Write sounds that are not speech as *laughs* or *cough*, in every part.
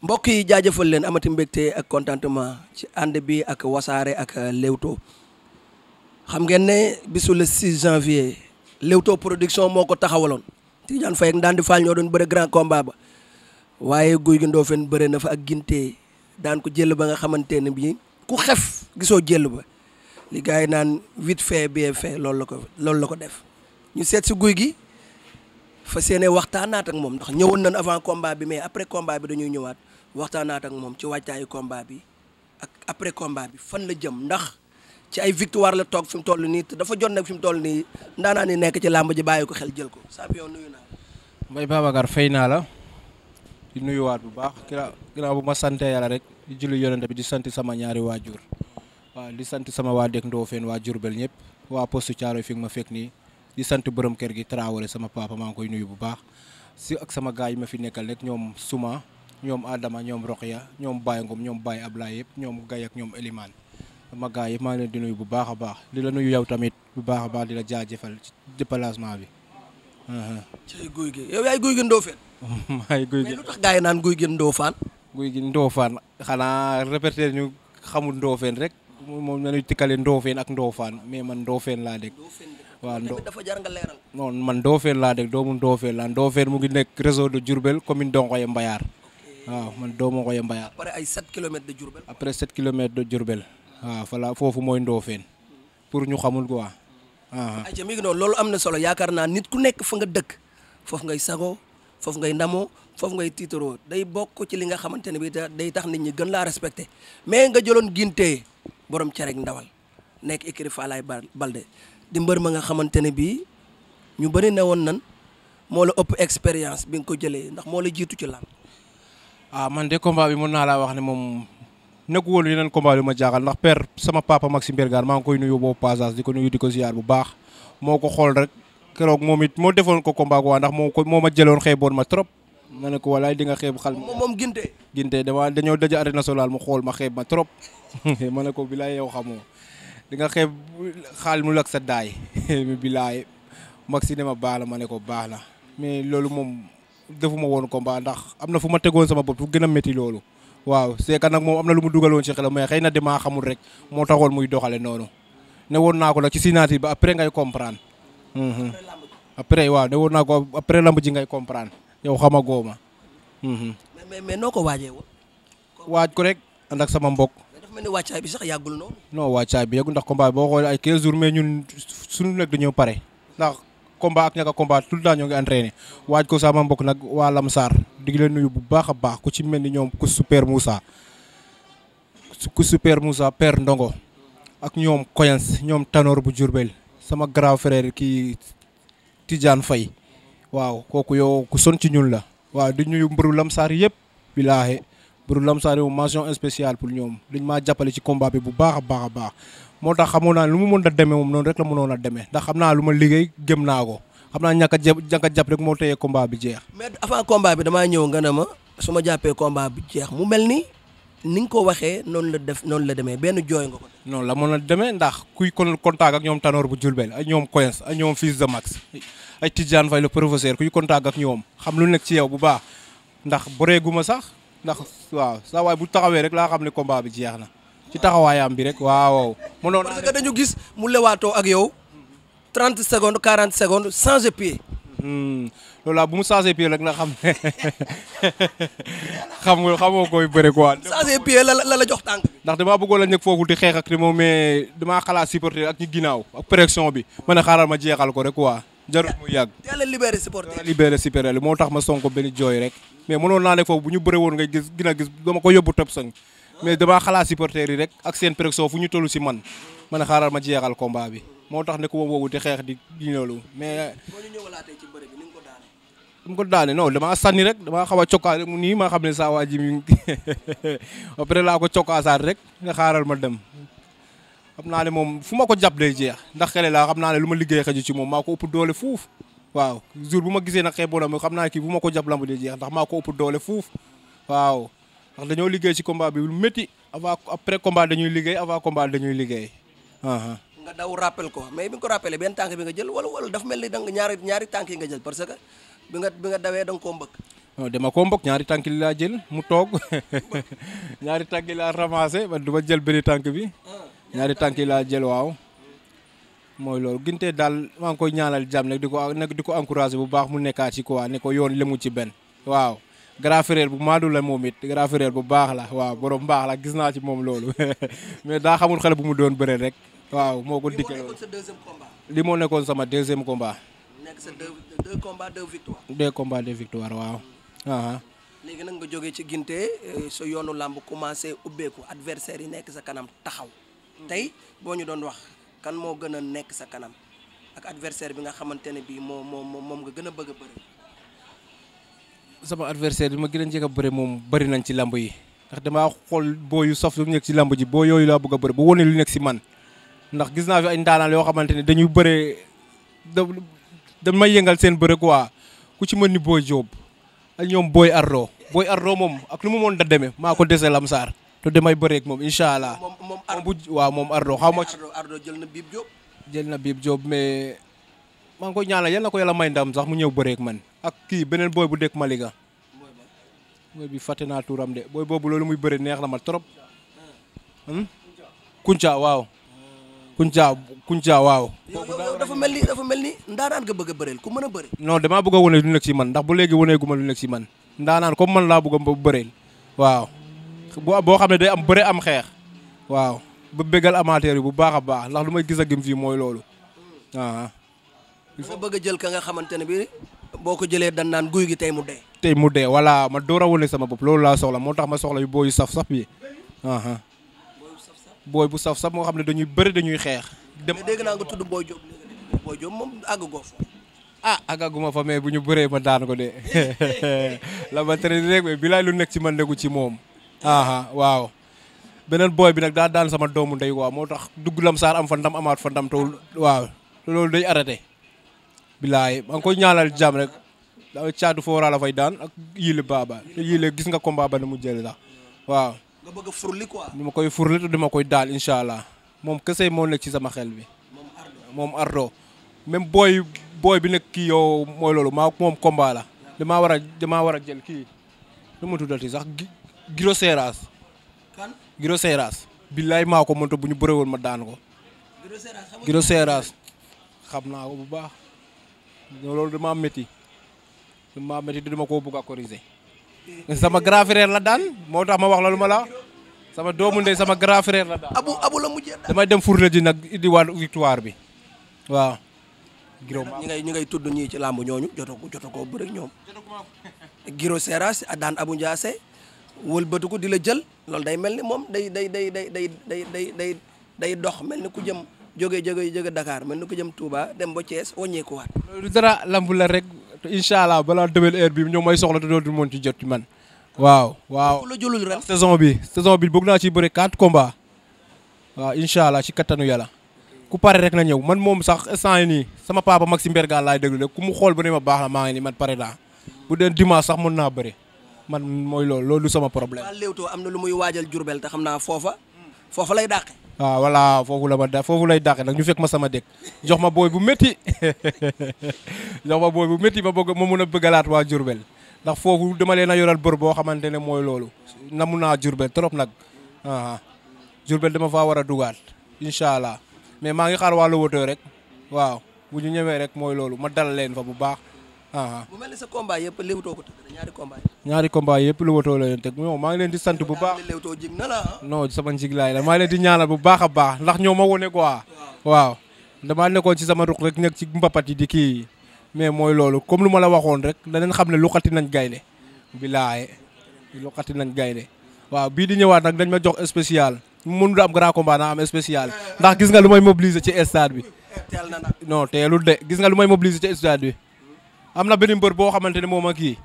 mbokk yi jaajëfal leen amati mbégte ak contentement ci ànd bi ak wasaare ak Leewtoo xam ngeen ne bisu le 6 janvier Leewtoo production moo ko taxawaloon Tidiane Faye ak Ndandi Fall ñoo doon bëre grand combat ba waaye guy gi Ndofène bëre na fa ak gintee daan ko jël ba nga xamante ne bii ku xef gisoo jël ba li yi naan vite fait bien fait loolu la ko loolu la ko def ñu seet si guy gi fa seenee waxtaanaat ak moom ndax ñëwoon na avant combat bi mais après combat bi dañuy ñëwaat. waxtaanaat ak moom ci waajtaayu combat bi ak après combat bi fan la jëm ndax ci ay victoire la toog fi mu toll nii te dafa jot nag fi mu toll nii ndaanaa ni nekk ci làmb ji bàyyi ko xel jël ko champion nuyu naa Mbaye Babacar fay naa la di nuyuwaat bu baax ginaaw ginaaw bu ma sante yàlla rek di julli yonente bi di sant sama ñaari waajur waaw di sant sama waa dëkk Ndofène waa Diourbel ñëpp waa poste Thiaroye fi ma fekk nii di sant borom kër gi Traoré sama papa maa ngi koy nuyu bu baax si ak sama gars yi ma fi nekkal rek ñoom suma ñoom Adama ñoom Roqia ñoom Baye Ngom ñoom Baye Ablaye yëpp ñoom gay ak ñoom Elimane sama gars yëpp maa ngi leen di nuyu bu baax baax di la nuyu yow tamit bu baax a baax di la jaajëfal ci déplacement bi. ci guy yaay guy gi Ndofène. *laughs* maay guy gi mais naan guy gi Ndofane. guy gi Ndofane xanaa répété ñu xamul Ndofène rek moom la ñuy tikkale Ndofène ak Ndofane mais man Ndofène laa dégg. waaw man Ndofène laa dégg doomu Ndofène laa Ndofène mu ngi nekk réseau de Diourbel commune Donkoye Mbayar. waaw man doomu Ngoye Mbayar. après ay 7 kilomètres de Diourbel. après 7 kilomètres de Diourbel. waaw fala foofu mooy Ndofène. pour ñu xamul quoi. ayca mi ngi noonu loolu am na solo yaakaar naa nit ku nekk fa nga dëkk foofu ngay sagoo foofu ngay ndamoo foofu ngay tiitaroo day bokk ci li nga xamante ne bi day tax nit ñi gën laa respecté mais nga jëloon gintee borom cerek ndawal nekk écurie Falaye Balde di mbër ma nga xamante ne bii ñu bëri ne woon nan moo la ëpp expérience bi nga ko jëlee ndax moo la jiitu ci làmb ah man de combat bi mën naa laa wax ne moom nekku woon yeneen combat yu ma jaaxal ndax per sama papa Maxime Bergane maa ngi koy nuyu boobu passage di ko nuyu di ko ziar bu baax moo ko xool rek keroog moom it moo defoon ko combat waa ndax moo ko moo ma jëloon xeeboon ma trop ma ne ko walaay di nga xeeb xal ma moom ginte ginte dama dañoo daje arène nationale mu xool ma xeeb ma trop *laughs* ma ne ko bilaay yow xamoo di nga xeeb xaal mu lak sa daay *laughs* bilaay Maxime ne ma baax na ma ne ko baax na mais loolu moom defuma woon combat ndax am na fu ma tegoon sama bopp fu gën a métti loolu waaw c'est que nag moom am na lu mu dugaloon ci xelam mais xëy na damaa xamul rek moo taxoon muy doxale noonu ne woon naa ko nag ci signature bi après ngay comprendre mhm. après waaw ne woon naa ko après lamb ji ngay comprendre yow xamagoo ma mhm. mais mais noo ko waajee woon waaj ko rek ànd ak sama mbokk dafa mel ni bi sax yàggul noonu non wàccaay bi yàggul ndax combat boo xoolee ay 15 jours mais ñun su nekk dañoo pare ndax combat ak ñàkk a combat tout le temps ñoo ngi entraîné waaj ko sama mbokk nag waa Lamsaar di leen nuyu bu baax a baax ku ci mel ni ñoom ku super Moussa ku super Moussa père Ndongo ak ñoom Koyens ñoom Tanor bu Diourbel sama grand frère kii Tidiane Faye waaw kooku yow ku son ci ñun la waaw di nuyu mbëru Lamsaar yëpp bilaahi mbëru Lamsaar yow mention spéciale pour ñoom dañ ma jàppale ci combat bi bu baax a baax a baax moo tax xamoon naa lu ma mën a demee moom noonu rek la mënoon a demee ndax xam naa lu ma liggéey gëm naa ko xam naa ñàkk a jàpp jàpp rek moo tëyee combat bi jeex. mais avant combat bi damaa ñëw nga ne ma su ma jàppee combat bi jeex mu mel ni ni nga ko waxee noonu la def noonu la demee benn jooy nga ko. noonu la mën a demee ndax kuy kon contact ak ñoom Tanor bu Diourbel ak ñoom Coyens a ñoom Fils de Max ay Tidiane Faye le professeur kuy contact ak ñoom xam lu nekk ci yow bu baax ndax boreeguma sax ndax waaw saa bu taxawee rek laa xam ne combat bi jeex na ci taxawaayam bi rek waaw. mënoon parce gis mu lewaatoo ak yow. 30 secondes 40 secondes changer pied. Hmm. loolu laa bu mu changer pied rek na xam *laughs* xam nga xamoo koy bëre la la la jox tànk. ndax damaa bëggoon la ñëg di xeex moom mais damaa xalaat supporter ak ginnaaw ak pression bi ma ne xaaral ma jeexal ko rek quoi. jarul mu yàgg teel a libéré supporter teel a libéré supporter moo tax ma sonko benn jooy rek. mais mënoon naa ne foofu bu ñu bëre nga gis gina gis dama ko yóbbu top sang mais damaa xalaat supporters yi rek ak seen pression fu ñu toll si man man xaaral ma jeexal combat bi moo tax ne ku ma woowu di xeex di di loolu mais. boo ñu ñëwalaatee ci bëre bi ni ko daane. ni nga damaa sànni rek damaa xaw a cokkaat mu nii ma xam ne saa waa ji mi *laughs* après laa ko cokkaasaat rek nga xaaral ma dem. xam naa ne moom fu ma ko jàpp day jeex ndax xale laa xam naa ne lu ma liggéey xaju ci moom maa ko ëpp doole fuuf waaw jour bu ma gisee nag xeeboonam xam naa kii bu ma ko jàpp lamb day jeex ndax maa ko ëpp doole fuuf waaw. ndax dañoo liggéey ci combat bi lu métti avant après combat dañuy liggéey avant combat dañuy liggéey. nga daw rappel ko mais bi nga ko rappelé benn tànk bi nga jël wala wala mel ni danga ñaari ñaari tànk yi nga jël parce que bi nga bi nga dawee danga koo mbëkk. dama ko mbokk ñaari tànk li laa jël mu toog *laughs* ñaari tànk yi laa ramassé ba du ma jël benn tànk bi ah, ñaari tànk yi laa jël waaw mooy loolu gintee daal maa koy ñaanal jàmm nag di ko nag di ko encouragé bu baax mu nekkaat ci quoi ne ko yoon lemu ci benn waaw grand frère bu maadu la moom it grand frère bu baax la waaw borom baax la gis naa ci moom loolu *laughs* mais daa xamul xale bu mu doon bëre rek waaw moo ko dikkee loolu li moo nekkoon sama deuxième combat. nekk sa deux deux combats deux waaw. Uh-huh. léegi nag nga jógee ci ginte euh, sa yoonu làmb commencé ubbeeku adversaire yi nekk sa kanam taxaw tey boo ñu doon wax kan moo gën a nekk sa kanam ak adversaire bi nga xamante ne bii moo moom moom nga gën a bëgg a sama adversaire bi ma gën a njëkk a bëre moom bëri nañ ci lamb yi ndax damaa xool booyu yu sof lu nekk ci ji boo yooyu laa bëgg a bëri ba wane lu nekk si man ndax gis naa fi ay ndaanaan yoo xamante ne dañuy bëre da may yëngal seen bëre quoi ku ci mën ni booy Jóob ak ñoom booy Ardo booy moom ak lu mu moon da demee maa ko dese lamsaar te damay bëreeg moom incha allah. moom bu waaw moom Ardo xaw ma ci. Ardo jël na biib jël na biib Jóob mais maa ngi koy ñaanal yal na ko yàlla may ndam mu ñëw bëreeg man. ak kii beneen booy bu dëkk Malika booy bi fàtte naa tuuram de booy boobu loolu muy bëri neex na ma trop hmm? kunca waaw kunca kunca waaw dafa mel ni dafa mel ni ndaanaan nga bëgg a bëreel ku mën a bëri non damaa bëgg a wone lu nekk si man ndax bu léegi wonee gu ma lu nekk si man ndaanaan comme man laa bëgg a bëreel waaw boo xam ne day am bëre am xeex waaw ba bégal amateur yi bu baax a baax ndax lu may gis a gëm fii mooy loolu waaw hmm. ah. nga jël ka nga xamante ne bi boo ko jëlee dan naan guy gi tey mu dee tey mu dee voilà ma door a wane sama bopp loolu laa soxla moo tax ma soxla yu booyu saf-saf yi booy bu saf-saf moo xam ne dañuy bëri dañuy xeex dem dégg naa nga tudd booy Jóob booy Jóob moom àgg ah, àggaguma fa mais bu ñu bëree ma daan ko de *laughs* la ma tere lu nekk ci man negu ci moom aa waaw beneen booy bi nag daa daan sama doomu ndey waaw moo tax dugg lam saar am fa ndam amaat fa ndam tawul waaw loolu day arrêté bilaay maa ngi koy ñaanal jàmm rek da caatu foora fay daan ak baaba te yile gis nga combat ba ne mu jël sax waaw. nga ma koy furli te dama koy daal incha allah moom kese moo nekk ci sama xel bi. moom ardo même booy booy bi nekk kii yow mooy loolu maa moom combat la war a war a jël kii nu mu tuddati sax giro seeraas. giro seeraas. billaay maa ko mënta bu ñu bëre ma daan ko. giro seeraas xam naa ko bu baax. loolu dama métti dama métti dama koo ko a corriger sama grand frère la daan moo tax ma wax la lu ma laa sama doomu ndey sama grand frère la daan. abu abu la mujjee damay dem Fourné ji nag indi wàllu victoire bi waaw. Giro ñi ngay ngay tudd ñii ci làmb ñooñu jotoo ko jotoo koo bëri ñoom. Giro Seras daan Abu Ndiasse wëlbatu ko di la jël loolu day mel ni moom day day day day day day day day dox mel ni ku jëm. jóge jóge jóge Dakar mën na ko jëm Touba dem ba Thiès wàññeeku waat. loolu dara lamb rek incha allah balaa demel heure bi ñoom may soxla te dootul moom ci jot man. waaw waaw la jëlul ren saison bi saison bi bëgg naa ci bëri quatre komba waaw incha allah ci kattanu yàlla. ku pare rek na ñëw man moom sax instant nii sama papa Maxime Berga laay déglu rek ku mu xool ba ne ma baax na maa ngi nii man pare naa bu dee dimanche sax mun naa bëri man mooy loolu loolu sama problème. waaw am na lu muy waajal Jurbel xam naa foofa foofa lay dàqe. waaw ah, voilà foofu la ma da foofu lay dàqe nag ñu fekk ma sama dëkk jox ma booy bu métti *laughs* jox ma booy bu métti ma bëgg ma mun a bëggalaat waa Diourbel ndax foofu dama leen a yoral bër boo xamante ne mooy loolu namu naa jurbel trop nag aa ah, Diourbel dama faa war a dugaat incha allah mais maa ngi xaar waa Lowoto rek waaw bu ñu ñëwee rek mooy loolu ma dal leen fa bu baax bu mel ni sa combat yëpp ko tëgg ñaari combat yëpp. ñaari combat yëpp la leen teg ñoom maa ngi leen di sant bu baax léewtoo jig na la ah. non sama njiglaay la maa ngi leen di ñaanal bu baax a baax ndax ñoo ma wone ko waaw damaa nekkoon ci sama ruq rek nekk ci mbapat yi di kii mais mooy loolu comme lu ma la waxoon rek danañ xam ne luqati nañ gaynde bilaaye luqati nañ gaynde waaw bii di ñëwaat nag dañ ma jox spécial mënu da am grand combat naa am spécial ndax gis nga lu may mobiliser ci stade bi eh, non teelul de gis nga lu may mobiliser ci bi am na benn mbër boo xamante ne moo ak kii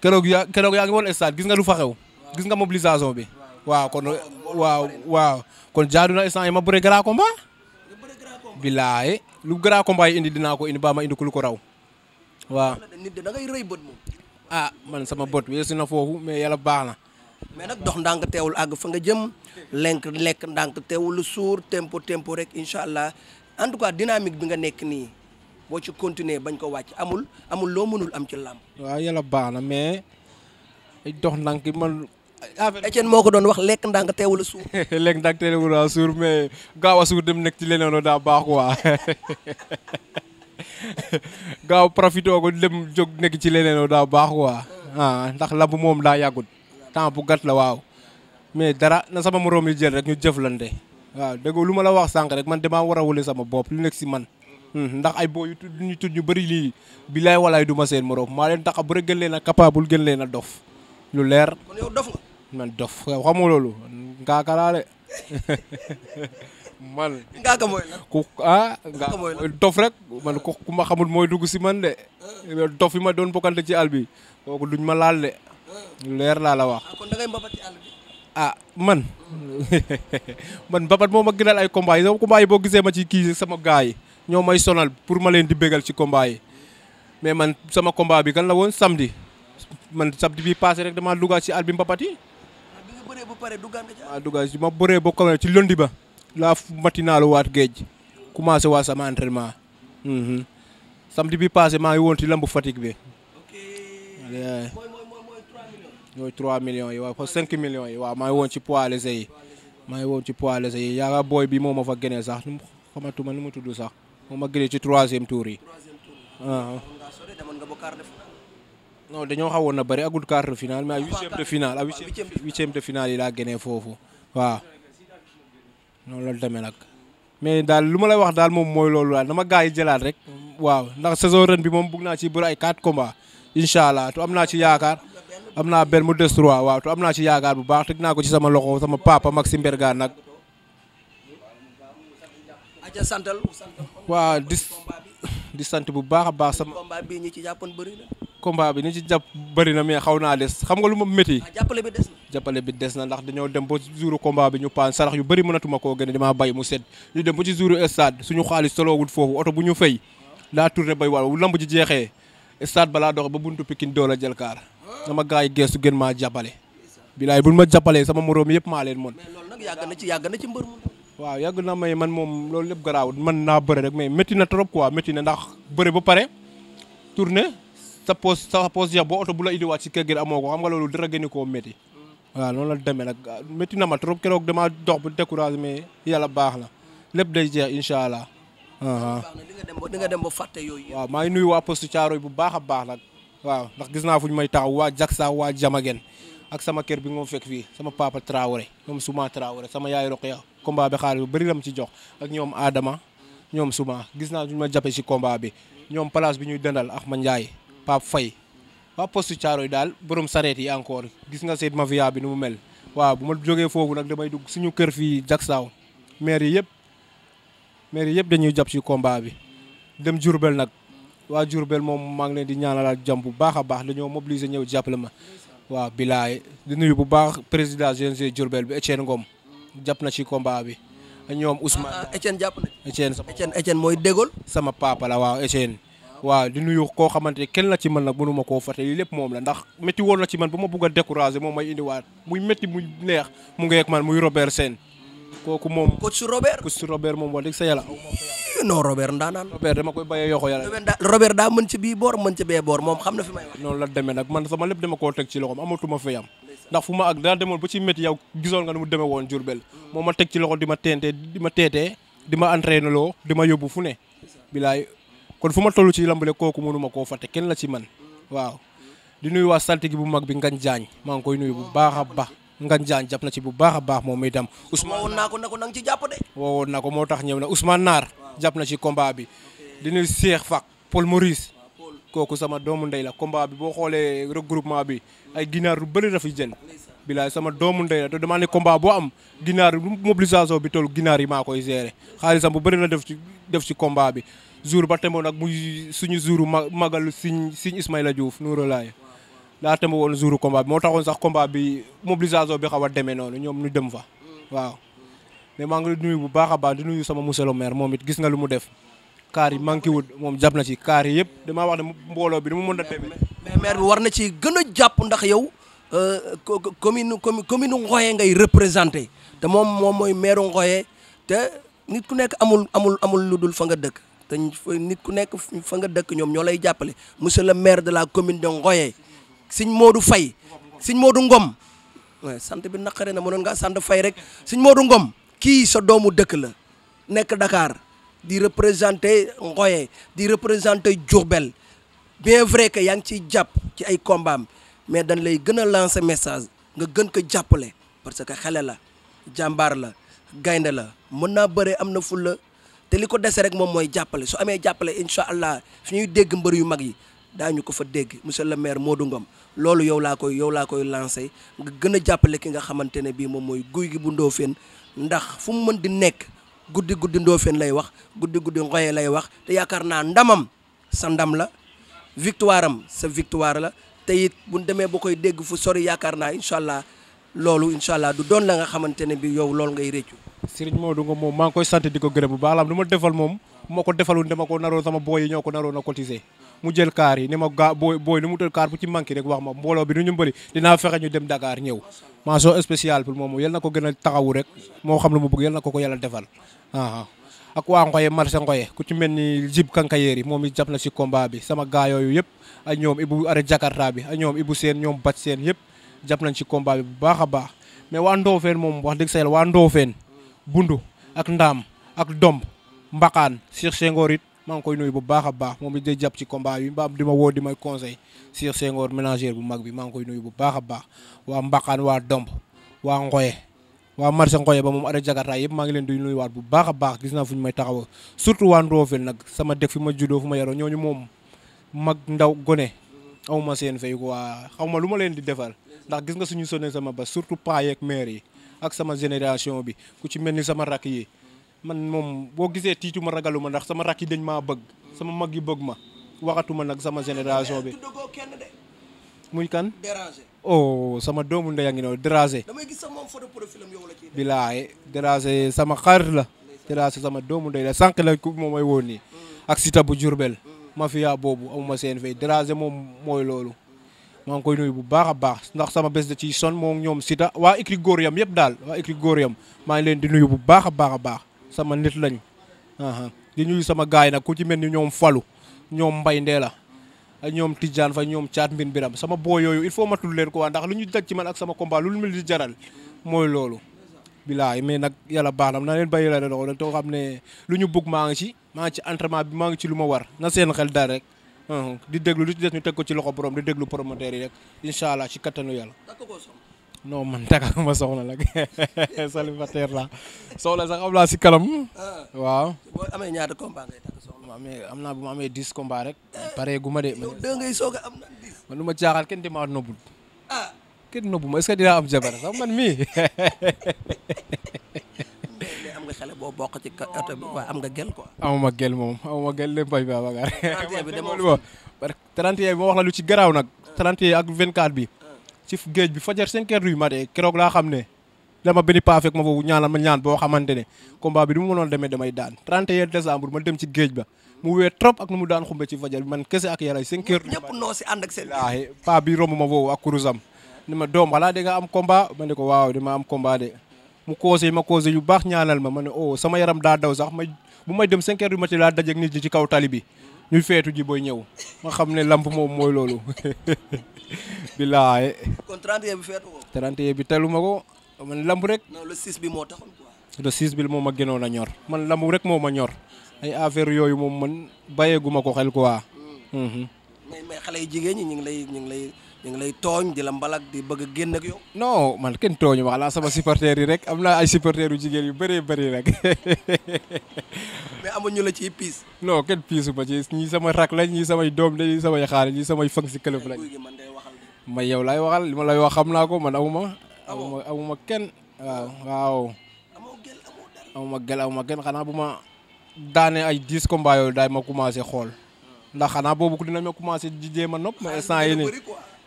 keroog yaa keroog yaa ngi woon stade gis nga lu fa xew gis nga mobilisation bi waaw kon waaw waaw kon jaadu na instant yi ma bëre grand combat billaahi lu grand combat yi indi dinaa ko indi baa ma indi ku lu ko raw waaw nit da ngay rëy bët moom ah man sama bët weesu na foofu mais yàlla baax na mais nag dox ndànk teewul àgg fa nga jëm lenk lekk ndànk teewul suur tempo tempo rek incha allah en tout cas dynamique bi nga nekk nii boo ci continuer bañ ko wàcc amul amul loo mënul am ci làmb. waaw yàlla baax na mais dox ndànk man. Etienne moo ko doon wax lekk ndànk teewula a suur. *laughs* lekk ndànk teewul a suur mais gaaw a suur dem nekk ci leneen daa baax quoi *laughs* profité ko dem jóg nekk ci leneen daa baax quoi ah, ndax làmb moom daa yàggut temps bu gàtt la waaw mais dara na sama moroom yi jël rek ñu jëflante waaw dégg lu ma la wax sànq rek man demaa war a sama bopp lu nekk si man. Hmm, ndax ay boo yu tudd ñu tudd ñu bëri lii bilaay walaay du ma seen morom maa leen tax a bëri gën leen a gën leen a dof lu leer. kon yow dof nga. man dof yow xam nga loolu ngaaka laa de *laughs* ah, man. ku ah. rek man ku ma xamul mooy dugg si man de. dof yi ma doon bokkante ci àll bi kooku duñ ma laal de. lu leer laa la wax. Ah, kon da ngay mbabat ah, man *laughs* man mbabat moo ma gënal ay combat yi sama combat boo gisee ma ci kii sama gars yi. ñoo may sonal pour ma leen di bégal ci combat yi mais man sama combat bi kan la woon samedi man samedi bi passé rek damaa duggaat ci àll bi mbapat yi. waaw duggaat ci ma bëree ba ko ci lundi ba laa matinaalu waat géej commencé waa sama entraînement mhm. samedi bi passé maa ngi woon ci lambu Fatick bi. yooyu 3 millions yi waaw 5 yi waaw maa ngi woon ci poids lésé yi maa ngi woon ci bi moo ma fa génnee sax xamatuma nu mu tudd sax. moom ma gëlee ci troisième tour yi. Ah. non dañoo xawoon na bëri agul quart de finale mais à huitième de finale à huitième de finale yi laa génnee foofu waaw. noonu la demee nag mais daal lu ma la wax daal moom mooy loolu na ma gars yi jëlaat rek. waaw ndax saison ren bi moom bugg naa ci bëri ay quatre combats incha allah te am naa ci yaakaar am naa ben mu des trois waaw te am naa ci yaakaar bu baax teg naa ko ci sama loxo sama papa Maxime Berga nag. ca santal waaw di di sant bu baax a baax sama combat bi ñi ci jàppoon bëri na combat bi ñi ci jàpp bëri na mais xaw naa des xam nga lu ma métti ah, jàppale bi des na jàppale bi des na ndax dañoo dem ba jouru combat bi ñu paan sarax yu bari mënatuma koo gën a damaa bay mu set ñu dem ba ci jouru stade suñu xaalis soloowul foofu oto bu ñu fay daa tourné bay wàll wu lamb ji jeexee stade balaa dox ba buntu Pikine doo la jël kaar sama gars yi geestu gën maa jàppale bilaay bu ma jàppalee sama moroom yëpp maa leen mën mais loolu nag yàgg na ci yàgg na ci mbër waaw yàgg na may man moom loolu lépp garaawul man naa bëre rek mais métti na trop quoi métti na ndax bëre ba pare tourné sa poos sa poos ya boo oto bu la indiwaat si kër gi amoo ko xam nga loolu dara gënu koo métti waaw la demee nag métti na ma trop keroog damaa dox bu découragé mais yàlla baax na lépp day jeex incha allah. di uh-huh. nga dem ba fàtte yooyu. maa ngi nuyu waa poste Thiaroye bu baax a baax nag. waaw ndax gis naa fu ñu may taxaw waa Jaksa waa jama Jamagen ak sama kër bi nga fekk fii sama papa Traoré moom suma Traoré sama yaay ya combat bi xaalis bu bari lam ci jox ak ñoom Adama ñoom Souma gis naa duñu ma jàppe si combat bi ñoom place bi ñuy dendal ma Ndiaye Pape fay waa poste caaro yi daal borom sareet yi encore gis nga seet mafia bi nu mu mel waaw bu ma jógee foofu nag damay dugg suñu kër fii Jaksaaw maire yi yëpp maire yëpp dañuy jàpp ci combat bi dem Diourbel nag waa Diourbel moom maa ngi leen di ñaanalaat jàmm bu baax a baax dañoo mobiliser ñëw jàppale ma waaw bilaay di nuyu bu baax président GNG Diourbel bi Ngom jàpp na ci combat bi ñoom Ousmane. Ah, ah, Etienne jàpp na Etienne sama Etienne mooy dégol sama papa la waaw Etienne. waaw di nuyu koo xamante kenn la ci man nag mënuma koo fàtte lii lépp moom la ndax métti woon la ci man bu ma bugg a découragé moom may indiwaat muy métti muy neex mu ngeeg man muy Robert Sène kooku moom. coach Robert coach Robert moom wax dëgg sa yàlla. *laughs* non Robert naan Robert dama koy bàyyee yoxo yàlla. Robert daa mën ci bii boor mën ci bee boor moom xam na fi noonu la demee nag man sama lépp dama koo teg ci loxoom amatuma fi am. ndax fu ma ak dara demoon ba ci métti yow gisoon nga nu mu demee woon Diourbel moo ma teg ci loxo di ma teentee di ma teetee di ma entraîné loo di ma yóbbu fu ne bilaay kon fu ma tollu ci lambale kooku mënuma koo fate kenn la ci man waaw di nuyu waa saltigi bu mag bi ngan jaañ maa ngi koy nuyu bu baax a baax Ngagne Diagne jàpp na ci bu baax a baax moom itam Ousmane woon naa ko na ko nang ci jàpp de woowoon naa moo tax ñëw na Ousmane Naar jàpp na ci kombaa bi di nuyu Cheikh Fack Paul Maurice kooku sama doomu ndey la combat bi boo xoolee regroupement bi ay ginaar lu bëri dafa jën bilaay sama doomu ndey la te damaa boo am ginaar mobilisation bi toll ginaar yi maa koy gérer xaalisam bu bari la def ci def ci combat bi jour ba tembo nag muy suñu jouru ma magal siñ siñ Ismaïla Diouf nuuru laay daa tembo woon jouru combat moo taxoon sax combat bi mobilisation bi xaw a demee noonu ñoom ñu dem fa waaw mais maa ngi nuyu bu baax a baax di nuyu sama monsieur moom it gis nga lu mu def kaar yi manqué moom jàpp na ci kaar yi yëpp damaa wax ne mbooloo bi ni mu mën a demee. mais maire bi war na ci gën jàpp ndax yow euh, commune commune Ngoye ngay représenté te moom moom mooy maire Ngoye te nit ku nekk amul amul amul lu dul fa nga dëkk te nit ku nekk fa nga dëkk ñoom ñoo lay jàppale monsieur le maire de la commune de Ngoye sëñ Modou Faye sëñ Modou Ngom waaw sant bi naqare na mënoon ngaa sant fay rek sëñ Modou Ngom kii sa doomu dëkk la nekk Dakar. di représenté Ngoye di représenté Diourbel bien vrai que yaa ngi ciy jàpp ci ay kombaam mais dañ lay gën a lancer message nga gën ko jàppale parce que xele la jàmbaar la gaynde la mën naa bëre am na fulla te li ko dese rek moom mooy jàppale su amee jàppale incha allah su ñuy dégg mbër yu mag yi daañu ko fa dégg monsieur le maire Modou Ngom loolu yow laa koy yow laa koy lancé nga gën a jàppale ki nga xamante ne bii moom mooy guy gi bu Ndofène ndax fu mu mën di nekk guddi guddi Ndofène lay wax guddi guddi Ngoye lay wax te yaakaar naa ndamam sa ndam la victoire sa victoire la te it bu demee ba koy dégg fu sori yaakaar naa incha allah loolu incha allah du doon la nga xamante ne bi yow loolu ngay réccu Serigne Modou Ngom moom maa ngi koy sant di ko gërëm bu baax la du ma defal moom moo ko defalul dama ko naroon sama booy yi ñoo ko naroon a cotiser mu jël kaar yi ni ma gaa booy booy lu mu tël kaar bu ci manqué rek wax ma mbooloo bi nu ñu mbëri dinaa fexe ñu dem Dakar ñëw mention spéciale pour moom yal na ko gën a taxawu rek moo xam lu mu bëgg yal na ko ko yàlla defal aa ak waa Ngoye marché Ngoye ku ci mel ni Jib Kankayeer yi moom it jàpp na si combat bi sama gaa yooyu yëpp ak ñoom Ibu Are Jakarta bi ak ñoom Ibu Seen ñoom Bat Seen yëpp jàpp nañ ci combat bi bu baax a baax mais waa Ndofeen moom wax dëgg sa yàlla waa Ndofeen Bundu ak Ndaam ak Domb Mbakaan Cheikh Senghor it maa ngi koy nuyu bu baax a baax moom it day jàpp ci combat bi mbaam di ma woo di may conseil sur Senghor ménagère bu mag bi maa ngi koy nuyu bu baax baax waa mbaqaan waa Domb waa Ngoye waa marché Ngoye ba moom ada jakartaay yëpp maa ngi leen di waat bu baax a baax gis naa fu ñu may taxaw surtout waa Ndofel nag sama dëkk fi ma juddoo fu ma yaroo ñooñu moom mag ndaw gone aw ma seen fay waa xaw ma lu ma leen di defal ndax gis nga suñu sonné sama ba surtout paa yeeg maire yi ak sama génération bi ku ci mel ni sama rakk yi man moom boo gisee tiituma ragaluma ndax sama rakk yi dañ maa bëgg sama mag yi bëgg ma waxatuma nag sama génération bi muy kan oh sama doomu ndey a ngi noonu Dérangé bilaay sama xarit la Dérangé sama doomu ndey la sànq la ku moom mooy woon nii hmm. ak bu Jurbel hmm. mafia boobu amuma seen fay moom mooy loolu maa ngi koy nuyu bu baax a baax ndax sama bés da ciy son moom ñoom sita waa écrit góor yam yëpp daal waa écrit góor yam maa ngi leen di nuyu bu baax a baax a baax sama nit lañ di ñuy sama gaay nag ku ci mel ni ñoom falu ñoom mbay ndeela a ñoom Tidiane fa ñoom caat mbin biram sama boo yooyu il faut matul leen ko waa ndax lu ñu daj ci man sama combat lu mu di jaral mooy loolu bilaay mais nag yàlla baax na na leen bàyyi la dox rek too xam ne lu ñu bugg maa ngi ci maa ngi ci entraînement bi maa ngi ci lu ma war na seen xel daal rek di déglu lu ci des ñu teg ko ci loxo borom di déglu promoteurs yi rek incha allah ci kattanu yàlla non man *laughs* takaluma soxna nag *laughs* célibataire la soxla sax am naa si kanam. Ah. waaw. boo amee ñaata combat ngay am naa bu ma amee dix combat rek. Ah. pare gu ma de. yow deux ngay soog man lu ma kenn damaa nobbul. ah kenn nobbu ma est-ce que am jabar sax man mii. *laughs* am nga xale boo bokk ci oto bi waaw am nga gel quoi. amuma gel moom amuma gel lépp bay ba bagar. 31 bi demoo ma. wax la lu ci garaaw nag. 31 ah. ak 24 bi. ci géej bi fajar cinq heures du matin keroog laa xam ne dama ma paa fekk ma foofu ñaanal ma ñaan boo xamante ne combat bi du mu mënoon demee damay daan 31 décembre ma dem ci géej ba mu wee trop ak mu daan xumbe ci fajar bi man kese ak yaray cinq heures ñëpp noo ak seen wallaahi paa bi romb ma foofu ni ma doom xalaa da nga am combat ma ne ko waaw dama am combat de mu conseil ma conseil yu baax ñaanal ma ma ne oh sama yaram daa daw sax may bu may dem cinq heures du matin laa dajeeg nit ñi ci kaw tali bi ñu feetu ji booy ñëw ma xam ne lamp moom mooy loolu *laughs* bilaay. kon 31 bi feetu ko. bi telu ma ko man lamp rek. non le 6 bi moo taxoon quoi. le 6 bi moo a ñor man lamb rek moom ma ñor ay affaire yooyu moom man bayeeguma ko xel quoi. Mm. Mhm. mais mais xale yu jigéen ñu ngi lay tooñ di la mbalak di bëgg génn ak yow. man kenn tooñu wax laa sama supporters yi rek am naa ay supporters yu jigéen yu bëree bëri rek. *laughs* mais amuñu la ciy piis. non kenn piisu ma ci ñii sama rak lañ ñii samay doom lañ ñii samay xaar ñii samay fan si club lañ. may yow laay waxal li ma lay wax xam naa ko man amuma. amuma amuma kenn waaw waaw. amuma gel amuma kenn xanaa bu ma daanee ay dix combats yooyu daay ma commencé xool. Hmm. ndax xanaa boobu dina ma commencé di jéem a nopp ma instant yi nii.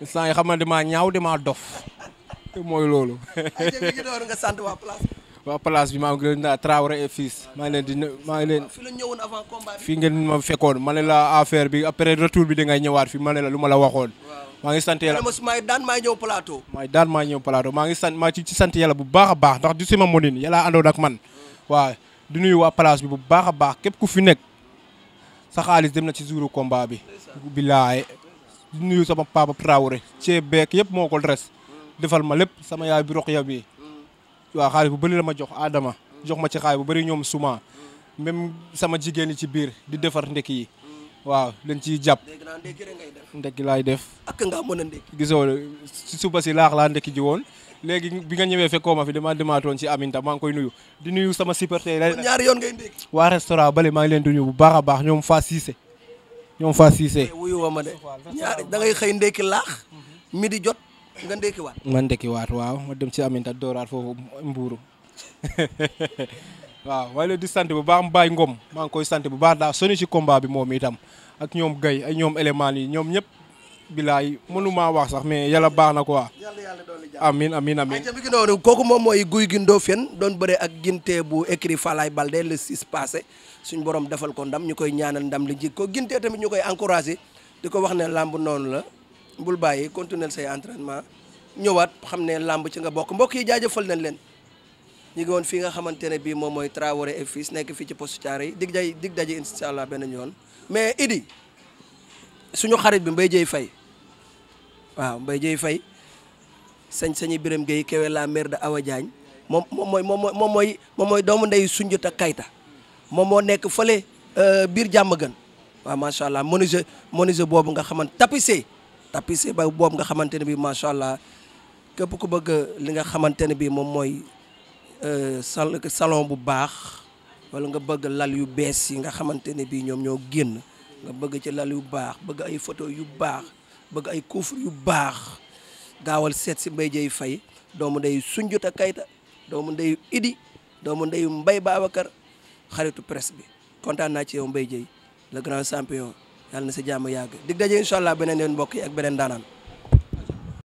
instant xaman xam ñaaw damaa dof mooy loolu. ay jërëjëf waa place bi. maa ngi leen di Traoré et maa ngi leen di maa ngi leen. ñëwoon avant fii ngeen ma fekkoon ma ne la affaire bi après retour bi da ngay ñëwaat fi ma ne la lu ma la waxoon. maa ngi sant yàlla daan maa ñëw plateau. maay daan maa ñëw palaato maa ngi sant maa ci sant yalla bu baax a baax ndax du sama monin yàlla àndoon ak man. Hmm. waaw du nuyu waa place bi bu baax a baax képp ku fi nekk sa xaalis dem na ci jouru combat bi. bilaay di nuyu sama papa rek ceeb beek yëpp moo ko res defal ma lépp sama yaay bi roq ya bi waaw xaalis bu bëri la ma jox Adama jox ma ci xaalis bu bëri ñoom suma même sama jigéen yi ci biir di defar ndekki yi waa dañ ci jàpp. ndekki laay def. ak nga mën a ndekki. gisoo si suba si laax laa ndekki ji woon léegi bi nga ñëwee fekkoo ma fi dama demaatoon ci Aminta maa ngi koy nuyu di nuyu sama supporter. ñaari yoon ngay ndekki. waa restaurant bale maa ngi leen di nuyu bu baax a baax ñoom faa Cissé ñoom faa siisee wuyu woo de ñaari da xëy ndekki laax mi di jot nga ndekkiwaat nga ndekkiwaat waaw ma dem ci aminta dooraat foofu mbuuru *laughs* waaw waaye leen di sant bu baax Mbaye Ngom maa ngi koy sant bu baax daa soni si combat bi moom itam ak ñoom gay ay ñoom élément yi ñoom ñëpp bilaay mënumaa wax sax mais yàlla baax na quoi amin amin amin bi gi kooku moom mooy guy gi Ndofène doon bëre ak ginte bu écrit Falaye Balde le 6 passé suñ borom defal ko ndam ñu koy ñaanal ndam li jik ko gintee tamit ñu koy encouragé di ko wax ne làmb noonu la bul bàyyi continuer say entraînement ñëwaat xam ne làmb ci nga bokk mbokk yi jaajëfal nañ leen ñu ngi woon fii nga xamante ne bii moom mooy Traoré et fils nekk fii ci postu Thiaroye yi dig day dig daje incha allah benn yoon mais idi suñu xarit bi mbay Dieye Faye waaw mbay Dieye Faye sañ sañi biram Gueye kewe la mère de Awa jaañ moom moom mooy moom mooy moom mooy doomu ndey Sunjata Kayta moom moo nekk fële euh, biir jàmm gën waaw macha allah menuisier menuisier boobu nga xamante tapissier tapissier ba boobu nga xamante ne bii macha allah képp ku bëgg li nga xamante ne bii moom mooy euh, sal salon bu baax wala nga bëgg lal yu bees yi nga xamante ne bii ñoom ñoo génn nga bëgg ci lal yu baax bëgg ay photo yu baax bëgg ay coffre yu baax gaawal seet si Mbaye Dieye Faye doomu ndeyu Sunjata Kayta doomu ndeyu Idi doomu ndeyu Mbaye Babacar xaritu presse bi kontaan naa ci yow Mbaye Dieye le grand champion yàlla na sa jàmm yàgg dig daje incha allah beneen yoon mbokk yi beneen daanaan